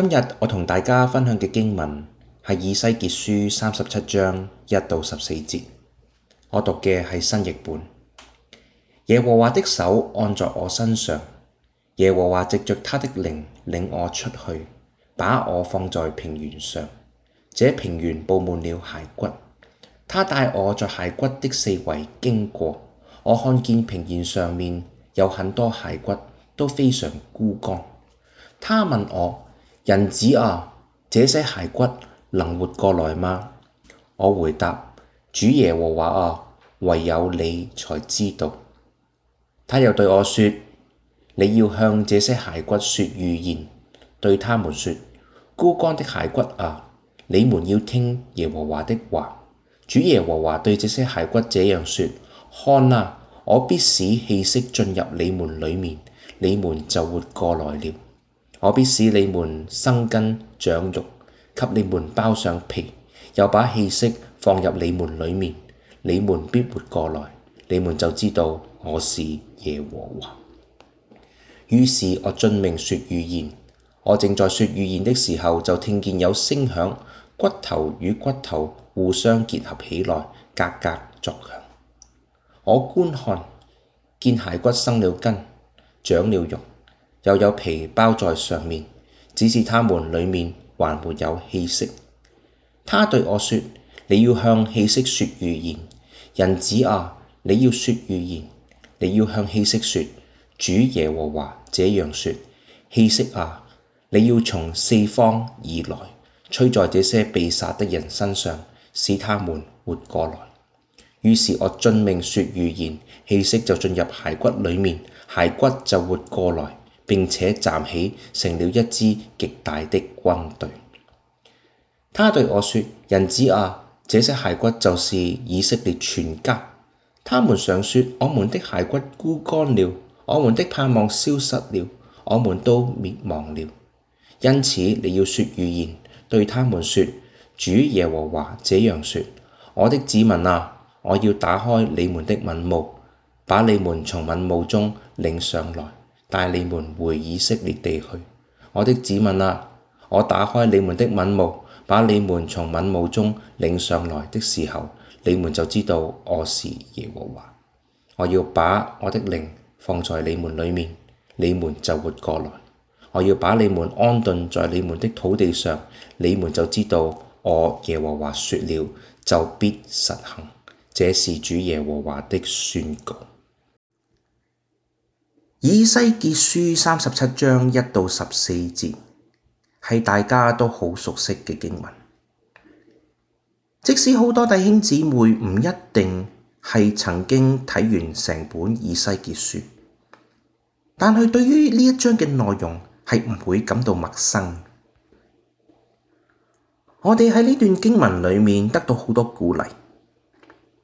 今日我同大家分享嘅經文係以西結書三十七章一到十四節。我讀嘅係新譯本。耶和華的手按在我身上，耶和華藉着他的靈領我出去，把我放在平原上。這平原布滿了骸骨，他帶我在骸骨的四圍經過。我看見平原上面有很多骸骨，都非常枯乾。他問我。人子啊，這些骸骨能活過來嗎？我回答，主耶和華啊，唯有你才知道。他又對我說：你要向這些骸骨說預言，對他們說：枯乾的骸骨啊，你們要聽耶和華的話。主耶和華對這些骸骨這樣說：看啊，我必使氣息進入你們裡面，你們就活過來了。我必使你們生根長肉，給你們包上皮，又把氣息放入你們裡面，你們必活過來，你們就知道我是耶和華。於是，我遵命說預言。我正在說預言的時候，就聽見有聲響，骨頭與骨頭互相結合起來，格格作響。我觀看，見骸骨生了根，長了肉。又有皮包在上面，只是他們裡面還沒有氣息。他對我說：你要向氣息說預言，人子啊，你要說預言，你要向氣息說主耶和華這樣說：氣息啊，你要從四方而來，吹在這些被殺的人身上，使他們活過來。於是我遵命說預言，氣息就進入骸骨裡面，骸骨就活過來。並且站起，成了一支極大的軍隊。他對我說：「人子啊，這些骸骨就是以色列全家。他們常說：我們的骸骨枯乾了，我們的盼望消失了，我們都滅亡了。因此你要說預言，對他們說：主耶和華這樣說：我的子民啊，我要打開你們的墳墓，把你們從墳墓中領上來。」帶你們回以色列地去，我的子民啊！我打開你們的墳墓，把你們從墳墓中領上來的時候，你們就知道我是耶和華。我要把我的靈放在你們裡面，你們就活過來。我要把你們安頓在你們的土地上，你們就知道我耶和華説了就必實行，這是主耶和華的宣告。以西結書三十七章一到十四節係大家都好熟悉嘅經文，即使好多弟兄姊妹唔一定係曾經睇完成本以西結書，但係對於呢一章嘅內容係唔會感到陌生。我哋喺呢段經文裏面得到好多鼓勵，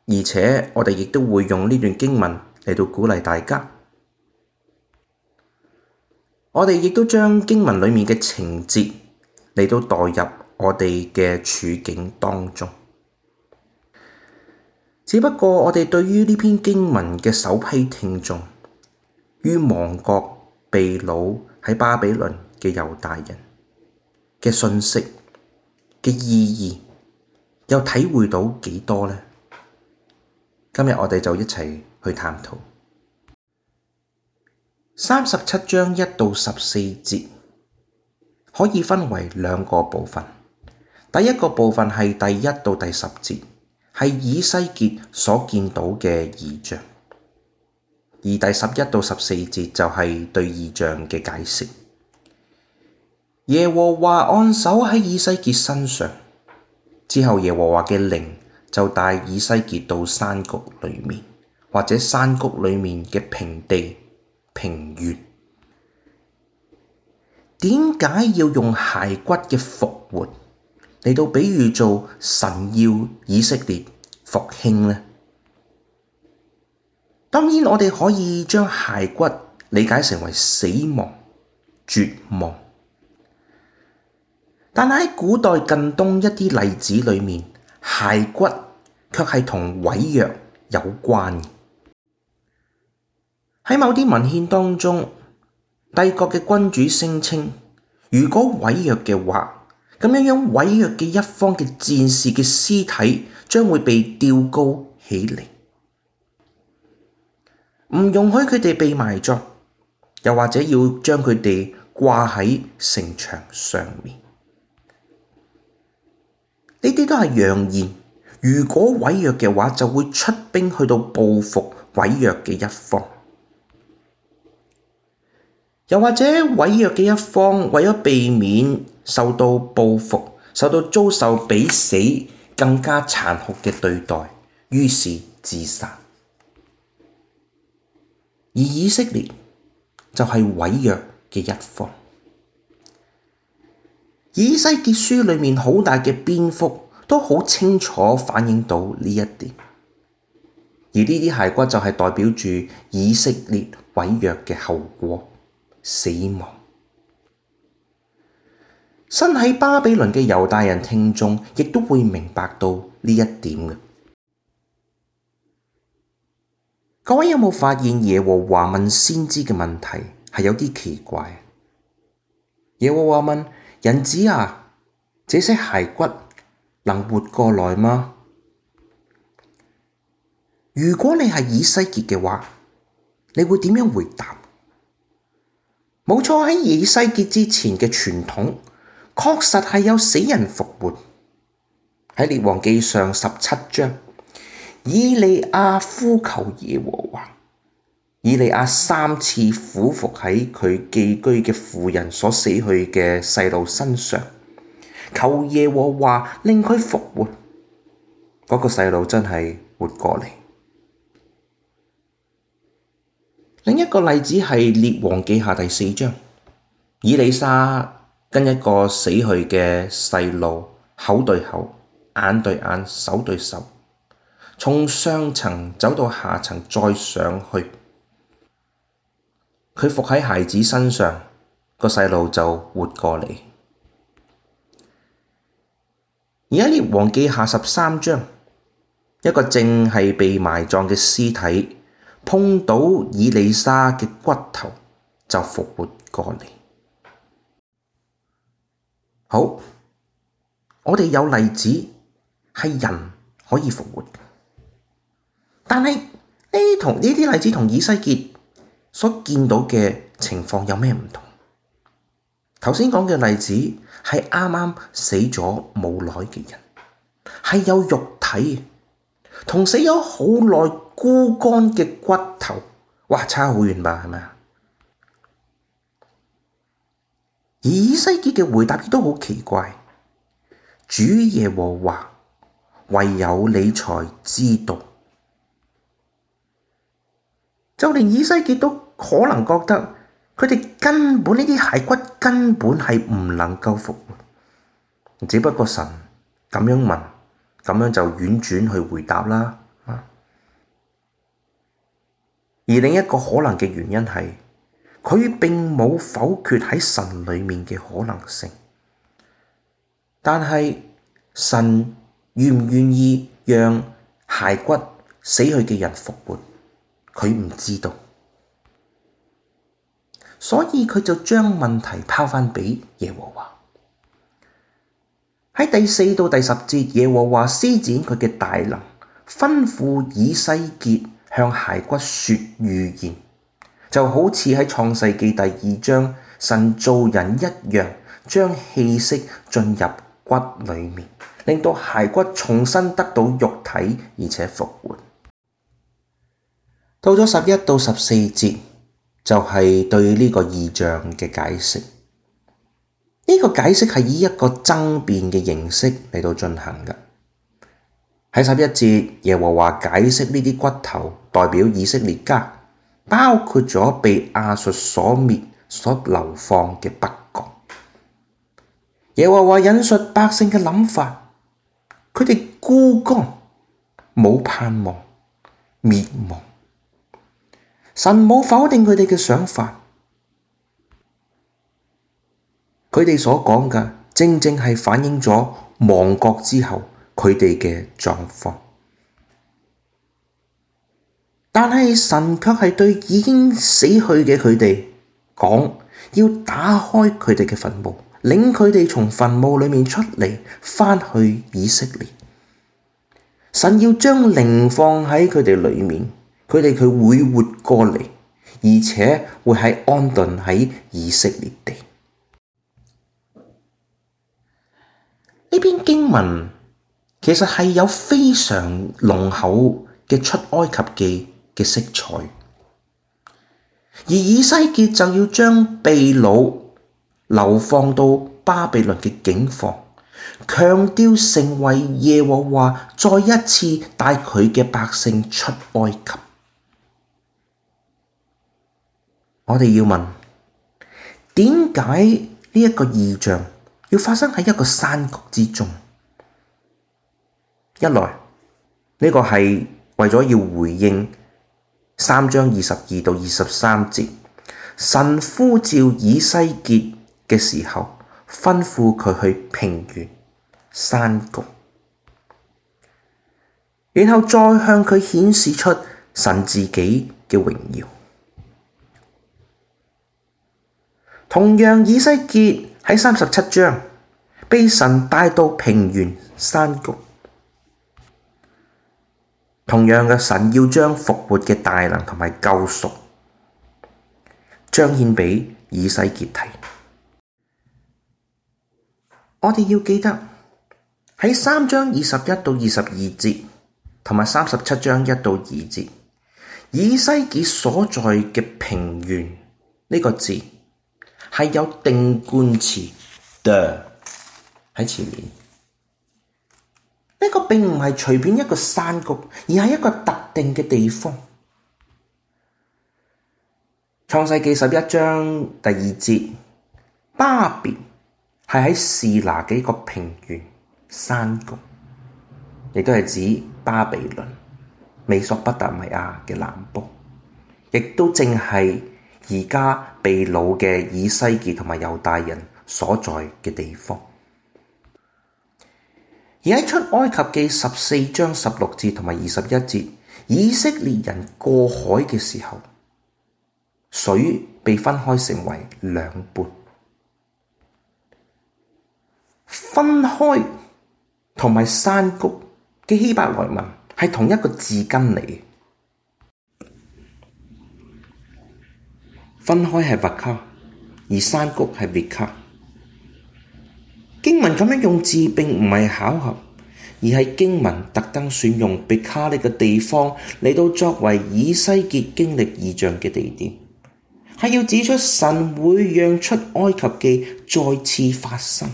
而且我哋亦都會用呢段經文嚟到鼓勵大家。我哋亦都將經文裡面嘅情節，嚟到代入我哋嘅處境當中。只不過我哋對於呢篇經文嘅首批聽眾於亡國被擄喺巴比倫嘅猶大人嘅信息嘅意義，又體會到幾多呢？今日我哋就一齊去探討。三十七章一到十四節，可以分為兩個部分，第一個部分係第一到第十節，係以西結所見到嘅異象，而第十一到十四節就係對異象嘅解釋。耶和華按手喺以西結身上之後，耶和華嘅靈就帶以西結到山谷裏面或者山谷裏面嘅平地。平原點解要用骸骨嘅復活嚟到比喻做神要以色列復興呢？當然，我哋可以將骸骨理解成為死亡、絕望，但喺古代近東一啲例子裏面，骸骨卻係同毀約有關嘅。喺某啲文獻當中，帝國嘅君主聲稱，如果毀約嘅話，咁樣樣毀約嘅一方嘅戰士嘅屍體將會被吊高起嚟，唔容許佢哋被埋葬，又或者要將佢哋掛喺城牆上面。呢啲都係揚言，如果毀約嘅話，就會出兵去到報復毀約嘅一方。又或者，毀約嘅一方為咗避免受到報復、受到遭受比死更加殘酷嘅對待，於是自殺。而以色列就係毀約嘅一方。以西結書裏面好大嘅篇幅都好清楚反映到呢一點，而呢啲骸骨就係代表住以色列毀約嘅後果。死亡，身喺巴比倫嘅猶大人聽眾，亦都會明白到呢一點嘅。各位有冇發現耶和華問先知嘅問題係有啲奇怪？耶和華問，人子啊，這些骸骨能活過來嗎？如果你係以西結嘅話，你會點樣回答？冇錯，喺以西結之前嘅傳統，確實係有死人復活。喺列王記上十七章，以利亞呼求耶和華，以利亞三次俯伏喺佢寄居嘅婦人所死去嘅細路身上，求耶和華令佢復活。嗰個細路真係活過嚟。另一個例子係列王記下第四章，以利沙跟一個死去嘅細路口對口、眼對眼、手對手，從上層走到下層再上去，佢伏喺孩子身上，個細路就活過嚟。而喺列王記下十三章，一個正係被埋葬嘅屍體。碰到以利沙嘅骨頭就復活過嚟。好，我哋有例子係人可以復活，但係呢，同呢啲例子同以西結所見到嘅情況有咩唔同？頭先講嘅例子係啱啱死咗冇耐嘅人，係有肉體同死咗好耐枯乾嘅骨頭，哇，差好遠吧？係咪啊？而以西結嘅回答亦都好奇怪。主耶和華，唯有你才知道。就連以西結都可能覺得佢哋根本呢啲骸骨根本係唔能夠復活，只不過神咁樣問。咁樣就婉轉去回答啦，而另一個可能嘅原因係，佢並冇否決喺神裡面嘅可能性，但係神願唔願意讓骸骨死去嘅人復活，佢唔知道，所以佢就將問題拋翻畀耶和華。喺第四到第十節，耶和華施展佢嘅大能，吩咐以西結向骸骨說預言，就好似喺創世紀第二章神造人一樣，將氣息進入骨裏面，令到骸骨重新得到肉體而且復活。到咗十一到十四節，就係、是、對呢個異象嘅解釋。呢個解釋係以一個爭辯嘅形式嚟到進行嘅。喺十一節，耶和華解釋呢啲骨頭代表以色列家，包括咗被亞述所滅、所流放嘅北國。耶和華引述百姓嘅諗法，佢哋孤光，冇盼望，滅亡。神冇否定佢哋嘅想法。佢哋所講嘅，正正係反映咗亡國之後佢哋嘅狀況。但係神卻係對已經死去嘅佢哋講，要打開佢哋嘅墳墓，領佢哋從墳墓裏面出嚟，翻去以色列。神要將靈放喺佢哋裏面，佢哋佢會活過嚟，而且會喺安頓喺以色列地。呢篇經文其實係有非常濃厚嘅出埃及記嘅色彩，而以西結就要將被擄流放到巴比倫嘅境況，強調成為耶和華再一次帶佢嘅百姓出埃及。我哋要問，點解呢一個異象？要發生喺一個山谷之中，一來呢、這個係為咗要回應三章二十二到二十三節，神呼召以西結嘅時候，吩咐佢去平原、山谷，然後再向佢顯示出神自己嘅榮耀。同樣，以西結。喺三十七章，被神帶到平原山谷。同樣嘅神要將復活嘅大能同埋救贖，彰顯俾以西結睇。我哋要記得喺三章二十一到二十二節，同埋三十七章一到二節，以西結所在嘅平原呢、這個字。係有定冠詞 the 喺前面，呢個並唔係隨便一個山谷，而係一個特定嘅地方。創世紀十一章第二節，巴別係喺士拿嘅一個平原山谷，亦都係指巴比倫美索不達米亞嘅南部，亦都正係而家，被擄嘅以西結同埋猶大人所在嘅地方，而喺出埃及記十四章十六節同埋二十一節，以色列人過海嘅時候，水被分開成為兩半，分開同埋山谷嘅希伯來文係同一個字根嚟。分開係伯卡，而山谷係別卡。經文咁樣用字並唔係巧合，而係經文特登選用別卡呢個地方嚟到作為以西結經歷異象嘅地點，係要指出神會讓出埃及記再次發生，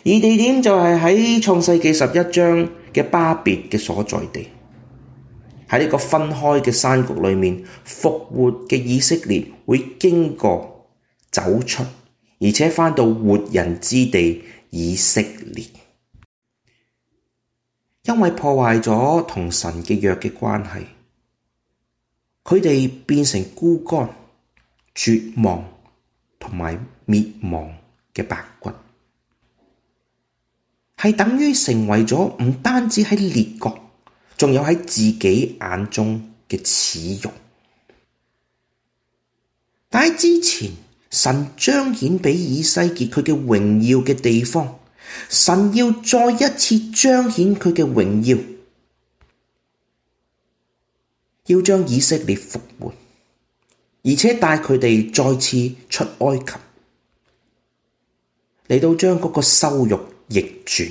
而地點就係喺創世記十一章嘅巴別嘅所在地。喺呢個分開嘅山谷裏面復活嘅以色列會經過走出，而且返到活人之地以色列，因為破壞咗同神嘅約嘅關係，佢哋變成枯乾、絕望同埋滅亡嘅白骨，係等於成為咗唔單止喺列國。仲有喺自己眼中嘅恥辱，但喺之前神彰顯俾以西結佢嘅榮耀嘅地方，神要再一次彰顯佢嘅榮耀，要將以色列復活，而且帶佢哋再次出埃及，嚟到將嗰個羞辱逆轉。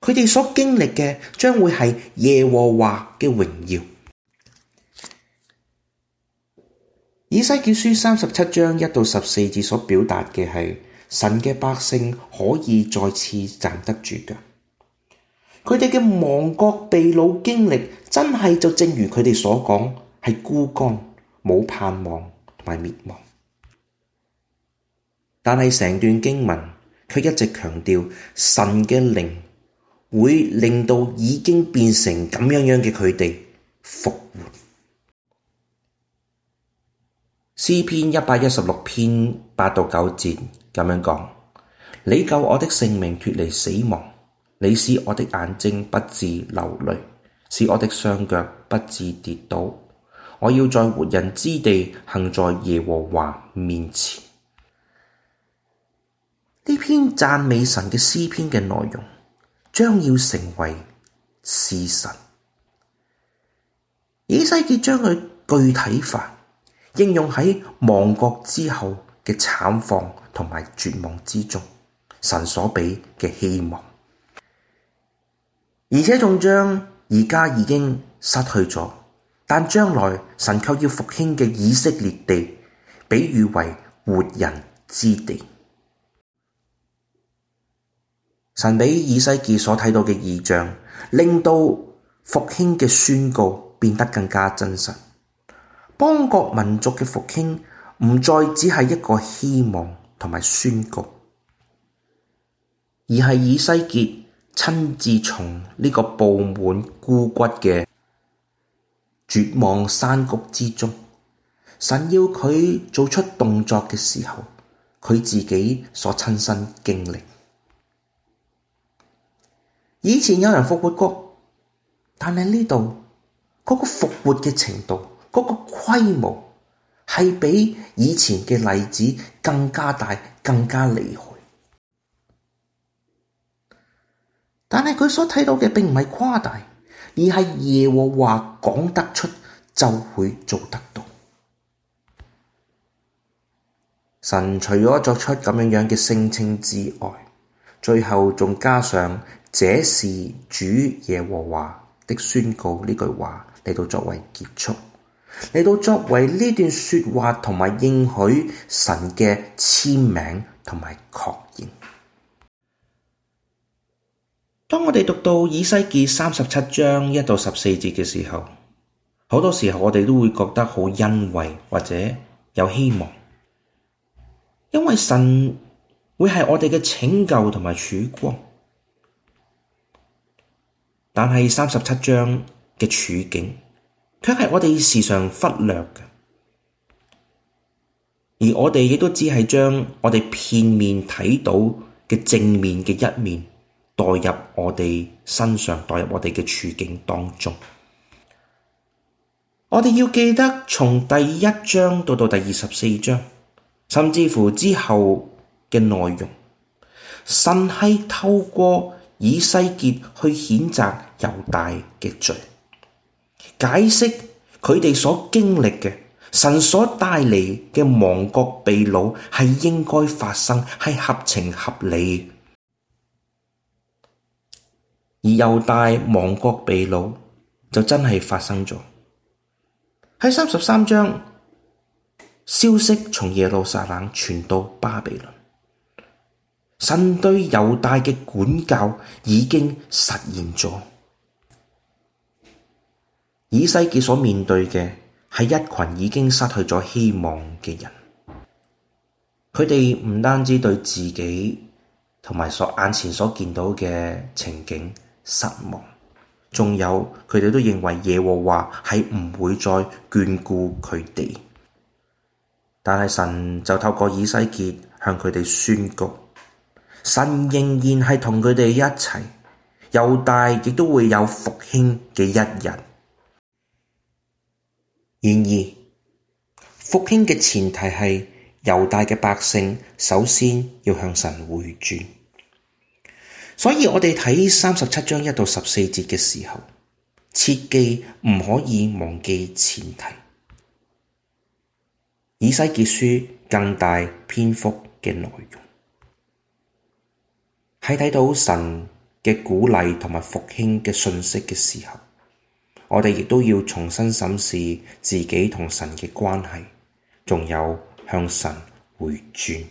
佢哋所經歷嘅將會係耶和華嘅榮耀。以西結書三十七章一到十四節所表達嘅係神嘅百姓可以再次站得住腳。佢哋嘅亡國被擄經歷真係就正如佢哋所講係枯乾，冇盼望同埋滅亡，但係成段經文卻一直強調神嘅靈。會令到已經變成咁樣樣嘅佢哋復活。詩篇一百一十六篇八到九節咁樣講：「你救我的性命脫離死亡，你使我的眼睛不致流淚，使我的雙腳不致跌倒。我要在活人之地，行在耶和華面前。」呢篇讚美神嘅詩篇嘅內容。將要成為是神，以西結將佢具體化，應用喺亡國之後嘅慘況同埋絕望之中，神所畀嘅希望，而且仲將而家已經失去咗，但將來神卻要復興嘅以色列地，比喻為活人之地。神俾以西結所睇到嘅異象，令到復興嘅宣告變得更加真實。邦國民族嘅復興唔再只係一個希望同埋宣告，而係以西結親自從呢個布滿枯骨嘅絕望山谷之中，神要佢做出動作嘅時候，佢自己所親身經歷。以前有人復活過，但係呢度嗰個復活嘅程度，嗰個規模係比以前嘅例子更加大、更加厲害。但係佢所睇到嘅並唔係誇大，而係耶和華講得出就會做得到。神除咗作出咁樣樣嘅聲稱之外，最後仲加上。這是主耶和華的宣告，呢句話嚟到作為結束，嚟到作為呢段說話同埋應許神嘅簽名同埋確認。當我哋讀到以西結三十七章一到十四節嘅時候，好多時候我哋都會覺得好欣慰或者有希望，因為神會係我哋嘅拯救同埋曙光。但係三十七章嘅處境，卻係我哋時常忽略嘅，而我哋亦都只係將我哋片面睇到嘅正面嘅一面代入我哋身上，代入我哋嘅處境當中。我哋要記得從第一章到到第二十四章，甚至乎之後嘅內容，神係透過以西結去譴責。猶大嘅罪，解釋佢哋所經歷嘅神所帶嚟嘅亡國被擄係應該發生，係合情合理。而猶大亡國被擄就真係發生咗。喺三十三章，消息從耶路撒冷傳到巴比倫，神對猶大嘅管教已經實現咗。以西結所面對嘅係一群已經失去咗希望嘅人，佢哋唔單止對自己同埋所眼前所見到嘅情景失望，仲有佢哋都認為耶和華係唔會再眷顧佢哋。但係神就透過以西結向佢哋宣告，神仍然係同佢哋一齊，猶大亦都會有復興嘅一日。復興嘅前提係猶大嘅百姓，首先要向神回轉。所以我哋睇三十七章一到十四節嘅時候，切記唔可以忘記前提。以西結書更大篇幅嘅內容，喺睇到神嘅鼓勵同埋復興嘅信息嘅時候，我哋亦都要重新審視自己同神嘅關係。仲有向神回轉。